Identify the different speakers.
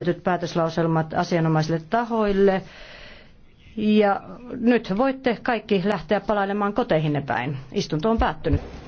Speaker 1: esitetyt päätöslauselmat asianomaisille tahoille. Ja nyt voitte kaikki lähteä palailemaan koteihinne päin. Istunto on päättynyt.